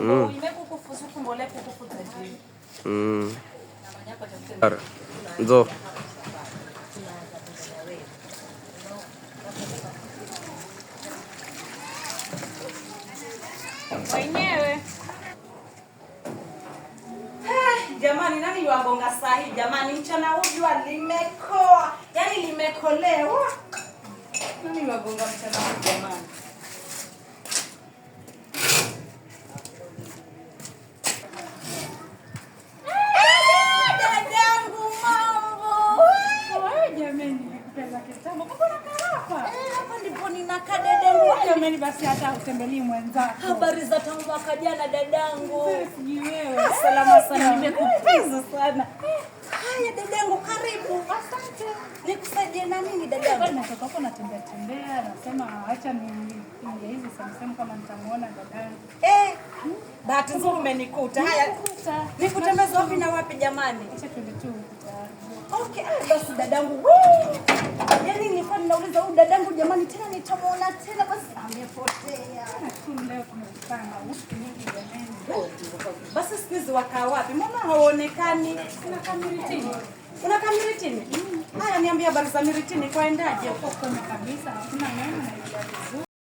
Mm. Mm. Nzo wenyewe jamani, nani wagonga sahi jamani, mchana hujua limekoa, yani limekolewa. Nani wagonga mchana huu jamani? Eh, hapa ndipo nina Basi hata utembelii mwenzako. Habari za tangu mwaka jana dadangu. Sijui Salama sana, nimekupenda sana. Haya dadangu, karibu. Asante. Nikusaidie na nini dadangu? Natoka hapo natembea tembea, nasema acha niingie hizi samsem kama nitamuona dadangu. Eh, bahati nzuri umenikuta. Haya, nikutembeza wapi na wapi jamani? Acha tuende tu. Okay, ah, basi dadangu. Nitamwona tena basi, amepotea. Basi siku hizi wakaa wapi? Mbona haonekani? Unakaa kamiritini Haya, niambia habari za Miritini, kwaendaje? Kabisa hakuna